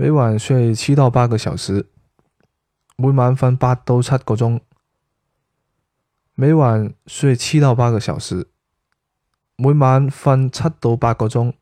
每晚睡七到八個小時，每晚瞓七到八個鐘。每晚睡七到八個小時，每晚瞓七到八個鐘。